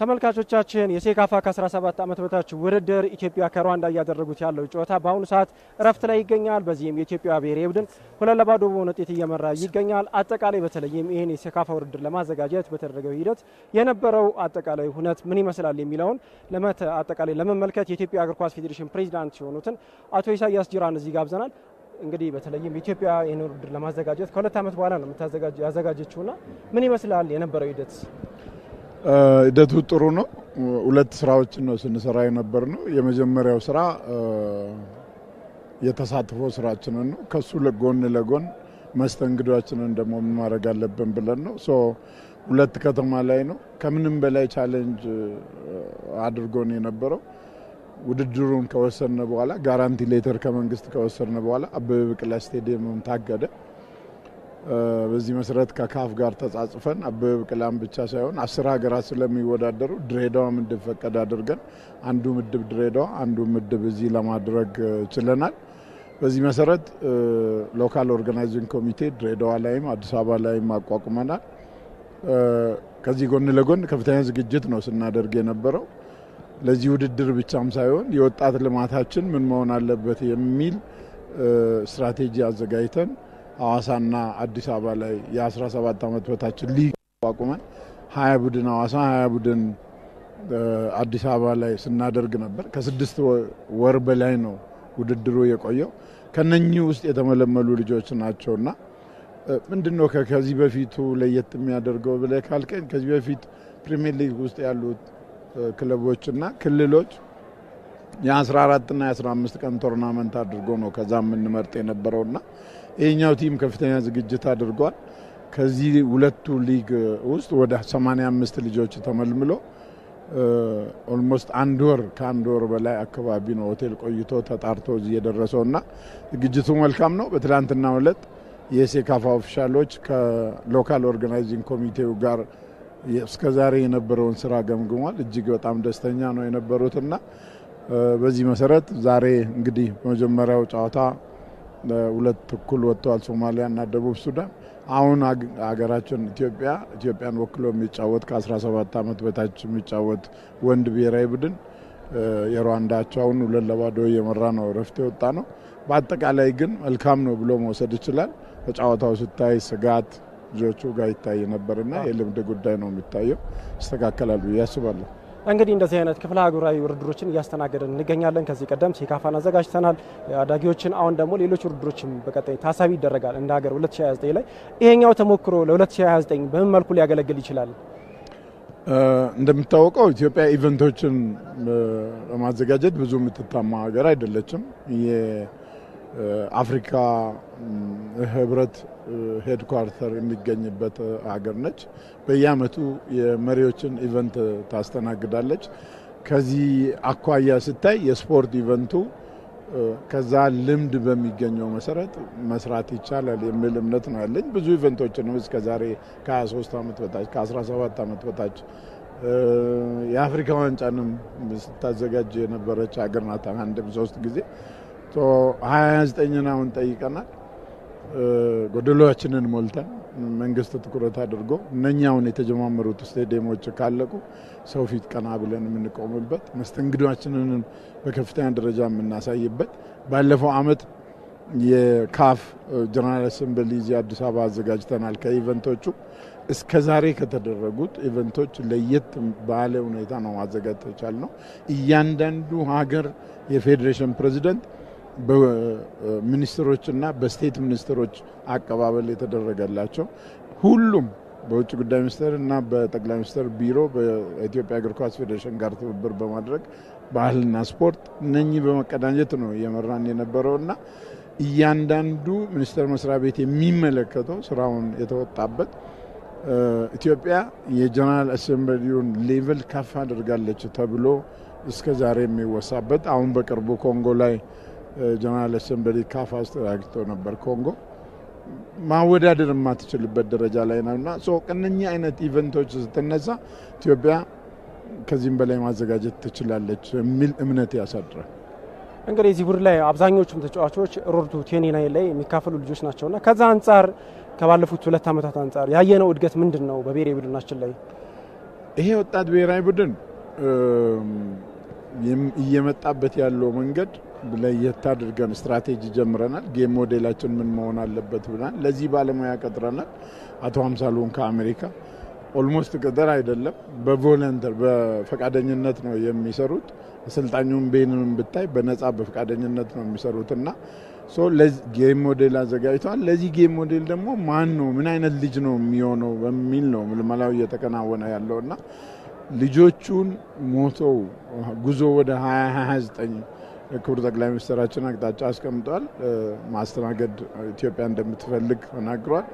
ተመልካቾቻችን የሴካፋ ከ17 ዓመት በታች ውድድር ኢትዮጵያ ከሩዋንዳ እያደረጉት ያለው ጨዋታ በአሁኑ ሰዓት እረፍት ላይ ይገኛል። በዚህም የኢትዮጵያ ብሔራዊ ቡድን ሁለት ለባዶ በሆነ ውጤት እየመራ ይገኛል። አጠቃላይ በተለይም ይህን የሴካፋ ውድድር ለማዘጋጀት በተደረገው ሂደት የነበረው አጠቃላይ ሁነት ምን ይመስላል የሚለውን ለመተ አጠቃላይ ለመመልከት የኢትዮጵያ እግር ኳስ ፌዴሬሽን ፕሬዚዳንት የሆኑትን አቶ ኢሳያስ ጅራን እዚህ ጋብዘናል። እንግዲህ በተለይም ኢትዮጵያ ይህን ውድድር ለማዘጋጀት ከሁለት ዓመት በኋላ ነው ያዘጋጀችውና ምን ይመስላል የነበረው ሂደት? ሂደቱ ጥሩ ነው። ሁለት ስራዎችን ነው ስንሰራ የነበር ነው። የመጀመሪያው ስራ የተሳትፎ ስራችንን ነው። ከሱ ጎን ለጎን መስተንግዷችንን ደግሞ ምን ማድረግ አለብን ብለን ነው። ሁለት ከተማ ላይ ነው። ከምንም በላይ ቻሌንጅ አድርጎን የነበረው ውድድሩን ከወሰነ በኋላ ጋራንቲ ሌተር ከመንግስት ከወሰነ በኋላ አበበ ቢቂላ ስቴዲየምም ታገደ። በዚህ መሰረት ከካፍ ጋር ተጻጽፈን አበበ ቢቂላን ብቻ ሳይሆን አስር ሀገራት ስለሚወዳደሩ ድሬዳዋም እንዲፈቀድ አድርገን አንዱ ምድብ ድሬዳዋ አንዱ ምድብ እዚህ ለማድረግ ችለናል። በዚህ መሰረት ሎካል ኦርጋናይዚንግ ኮሚቴ ድሬዳዋ ላይም አዲስ አበባ ላይም አቋቁመናል። ከዚህ ጎን ለጎን ከፍተኛ ዝግጅት ነው ስናደርግ የነበረው። ለዚህ ውድድር ብቻም ሳይሆን የወጣት ልማታችን ምን መሆን አለበት የሚል ስትራቴጂ አዘጋጅተን ሐዋሳና አዲስ አበባ ላይ የ17 ዓመት በታች ሊግ አቋቁመን ሀያ ቡድን ሐዋሳ ሀያ ቡድን አዲስ አበባ ላይ ስናደርግ ነበር። ከስድስት ወር በላይ ነው ውድድሩ የቆየው። ከነኚህ ውስጥ የተመለመሉ ልጆች እና ምንድን ነው ከዚህ በፊቱ ለየት የሚያደርገው ብለህ ካልከኝ ከዚህ በፊት ፕሪሚየር ሊግ ውስጥ ያሉት ክለቦችና ክልሎች የ14ና የ15 ቀን ቶርናመንት አድርጎ ነው ከዛ የምንመርጥ የነበረውና ይህኛው ቲም ከፍተኛ ዝግጅት አድርጓል። ከዚህ ሁለቱ ሊግ ውስጥ ወደ 85 ልጆች ተመልምሎ ኦልሞስት አንድ ወር ከአንድ ወር በላይ አካባቢ ነው ሆቴል ቆይቶ ተጣርቶ እዚህ የደረሰው እና ዝግጅቱ መልካም ነው። በትላንትና ዕለት የሴካፋ ኦፊሻሎች ከሎካል ኦርጋናይዚንግ ኮሚቴው ጋር እስከዛሬ የነበረውን ስራ ገምግሟል። እጅግ በጣም ደስተኛ ነው የነበሩትና በዚህ መሰረት ዛሬ እንግዲህ መጀመሪያው ጨዋታ ሁለት እኩል ወጥተዋል፣ እና ደቡብ ሱዳን። አሁን ሀገራችን ኢትዮጵያ ኢትዮጵያን ወክሎ የሚጫወት ከ17 ዓመት በታች የሚጫወት ወንድ ብሔራዊ ቡድን የሩዋንዳ አቻውን ሁለት ለባዶ እየመራ ነው እረፍት የወጣ ነው። በአጠቃላይ ግን መልካም ነው ብሎ መውሰድ ይችላል። በጨዋታው ስታይ ስጋት ልጆቹ ጋር ይታይ ነበርና የልምድ ጉዳይ ነው የሚታየው። ይስተካከላል ብዬ አስባለሁ። እንግዲህ እንደዚህ አይነት ክፍለ ሀገራዊ ውድድሮችን እያስተናገደን እንገኛለን። ከዚህ ቀደም ሴካፋን አዘጋጅተናል አዳጊዎችን፣ አሁን ደግሞ ሌሎች ውድድሮችም በቀጣይ ታሳቢ ይደረጋል እንደ ሀገር 2029 ላይ። ይሄኛው ተሞክሮ ለ2029 በምን መልኩ ሊያገለግል ይችላል? እንደሚታወቀው ኢትዮጵያ ኢቨንቶችን በማዘጋጀት ብዙ የምትታማ ሀገር አይደለችም። አፍሪካ ህብረት ሄድኳርተር የሚገኝበት ሀገር ነች። በየአመቱ የመሪዎችን ኢቨንት ታስተናግዳለች። ከዚህ አኳያ ስታይ የስፖርት ኢቨንቱ ከዛ ልምድ በሚገኘው መሰረት መስራት ይቻላል የሚል እምነት ነው ያለኝ። ብዙ ኢቨንቶችንም እስከ ዛሬ ከ23 ዓመት በታች ከ17 ዓመት በታች የአፍሪካ ዋንጫንም ስታዘጋጅ የነበረች ሀገር ናት። አንድም ሶስት ጊዜ ሀያ ዘጠኝን አሁን ጠይቀናል። ጎደሎችንን ሞልተን መንግስት ትኩረት አድርጎ እነኛ የተጀማመሩት ስቴዲየሞች ካለቁ ሰው ፊት ቀና ብለን የምንቆምበት መስተንግዷችንን በከፍተኛ ደረጃ የምናሳይበት ባለፈው አመት የካፍ ጀነራል አሰምብሊ እዚህ አዲስ አበባ አዘጋጅተናል። ከኢቨንቶቹ እስከ ዛሬ ከተደረጉት ኢቨንቶች ለየት ባለ ሁኔታ ነው ማዘጋጀት የቻልነው። እያንዳንዱ ሀገር የፌዴሬሽን ፕሬዚደንት በሚኒስትሮችና በስቴት ሚኒስትሮች አቀባበል የተደረገላቸው ሁሉም በውጭ ጉዳይ ሚኒስቴር እና በጠቅላይ ሚኒስትር ቢሮ በኢትዮጵያ እግር ኳስ ፌዴሬሽን ጋር ትብብር በማድረግ ባህልና ስፖርት እነኚህ በመቀዳጀት ነው እየመራን የነበረው እና እያንዳንዱ ሚኒስቴር መስሪያ ቤት የሚመለከተው ስራውን የተወጣበት ኢትዮጵያ የጀነራል አሴምብሊውን ሌቨል ከፍ አድርጋለች ተብሎ እስከ ዛሬ የሚወሳበት አሁን በቅርቡ ኮንጎ ላይ ጀነራል አሰምበሊ ካፍ አስተናግጦ ነበር ኮንጎ ማወዳደር የማትችልበት ደረጃ ላይ ነው እና ቅንኝ አይነት ኢቨንቶች ስትነሳ ኢትዮጵያ ከዚህም በላይ ማዘጋጀት ትችላለች የሚል እምነት ያሳድራል። እንግዲህ እዚህ ቡድን ላይ አብዛኞቹም ተጫዋቾች ሮርቱ ቱ ላይ የሚካፈሉ ልጆች እና ከዛ አንጻር ከባለፉት ሁለት ዓመታት አንጻር ያየነው እድገት ምንድን ነው? በብሔራዊ ቡድናችን ላይ ይሄ ወጣት ብሔራዊ ቡድን እየመጣበት ያለው መንገድ ለየት አድርገን ስትራቴጂ ጀምረናል። ጌም ሞዴላችን ምን መሆን አለበት ብለን ለዚህ ባለሙያ ቀጥረናል። አቶ አምሳሉን ከአሜሪካ ኦልሞስት ቅጥር አይደለም፣ በቮለንተር በፈቃደኝነት ነው የሚሰሩት። አሰልጣኙም ቤንንም ብታይ በነፃ በፈቃደኝነት ነው የሚሰሩት እና ጌም ሞዴል አዘጋጅተዋል። ለዚህ ጌም ሞዴል ደግሞ ማን ነው ምን አይነት ልጅ ነው የሚሆነው በሚል ነው ምልመላው እየተከናወነ ያለው እና ልጆቹን ሞተው ጉዞ ወደ 2029 ክቡር ጠቅላይ ሚኒስትራችን አቅጣጫ አስቀምጧል። ማስተናገድ ኢትዮጵያ እንደምትፈልግ ተናግሯል።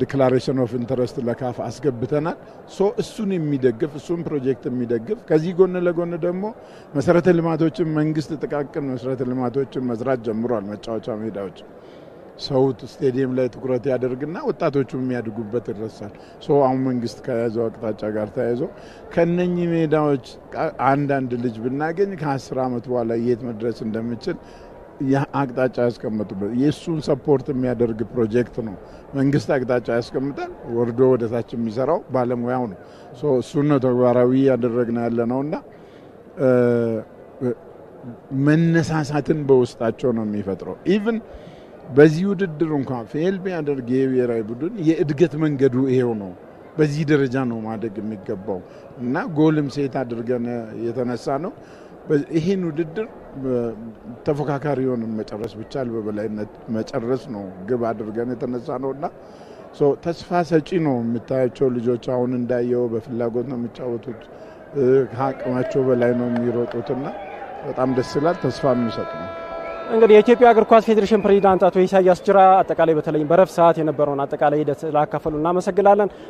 ዲክላሬሽን ኦፍ ኢንተረስት ለካፍ አስገብተናል። ሶ እሱን የሚደግፍ እሱን ፕሮጀክት የሚደግፍ ከዚህ ጎን ለጎን ደግሞ መሰረተ ልማቶችን መንግስት ጥቃቅን መሰረተ ልማቶችን መስራት ጀምሯል። መጫወቻ ሜዳዎች ሰው ስቴዲየም ላይ ትኩረት ያደርግና ወጣቶቹ የሚያድጉበት ይረሳል። ሶ አሁን መንግስት ከያዘው አቅጣጫ ጋር ተያይዞ ከነኚህ ሜዳዎች አንዳንድ ልጅ ብናገኝ ከአስር ዓመት በኋላ የት መድረስ እንደምችል አቅጣጫ ያስቀምጡበት የእሱን ሰፖርት የሚያደርግ ፕሮጀክት ነው። መንግስት አቅጣጫ ያስቀምጣል፣ ወርዶ ወደታች የሚሰራው ባለሙያው ነው። እሱን ነው ተግባራዊ ያደረግን ያለ ነው እና መነሳሳትን በውስጣቸው ነው የሚፈጥረው ኢቭን በዚህ ውድድር እንኳን ፌል ቢያደርግ የብሔራዊ ቡድን የእድገት መንገዱ ይሄው ነው። በዚህ ደረጃ ነው ማደግ የሚገባው እና ጎልም ሴት አድርገን የተነሳ ነው። ይህን ውድድር ተፎካካሪ የሆን መጨረስ ብቻ በበላይነት መጨረስ ነው ግብ አድርገን የተነሳ ነው እና ተስፋ ሰጪ ነው። የምታያቸው ልጆች አሁን እንዳየው በፍላጎት ነው የሚጫወቱት። ከአቅማቸው በላይ ነው የሚሮጡትና በጣም ደስ ይላል። ተስፋ የሚሰጥ ነው። እንግዲህ የኢትዮጵያ እግር ኳስ ፌዴሬሽን ፕሬዚዳንት አቶ ኢሳያስ ጅራ አጠቃላይ በተለይም በረፍ ሰዓት የነበረውን አጠቃላይ ሂደት ላካፈሉ እናመሰግናለን።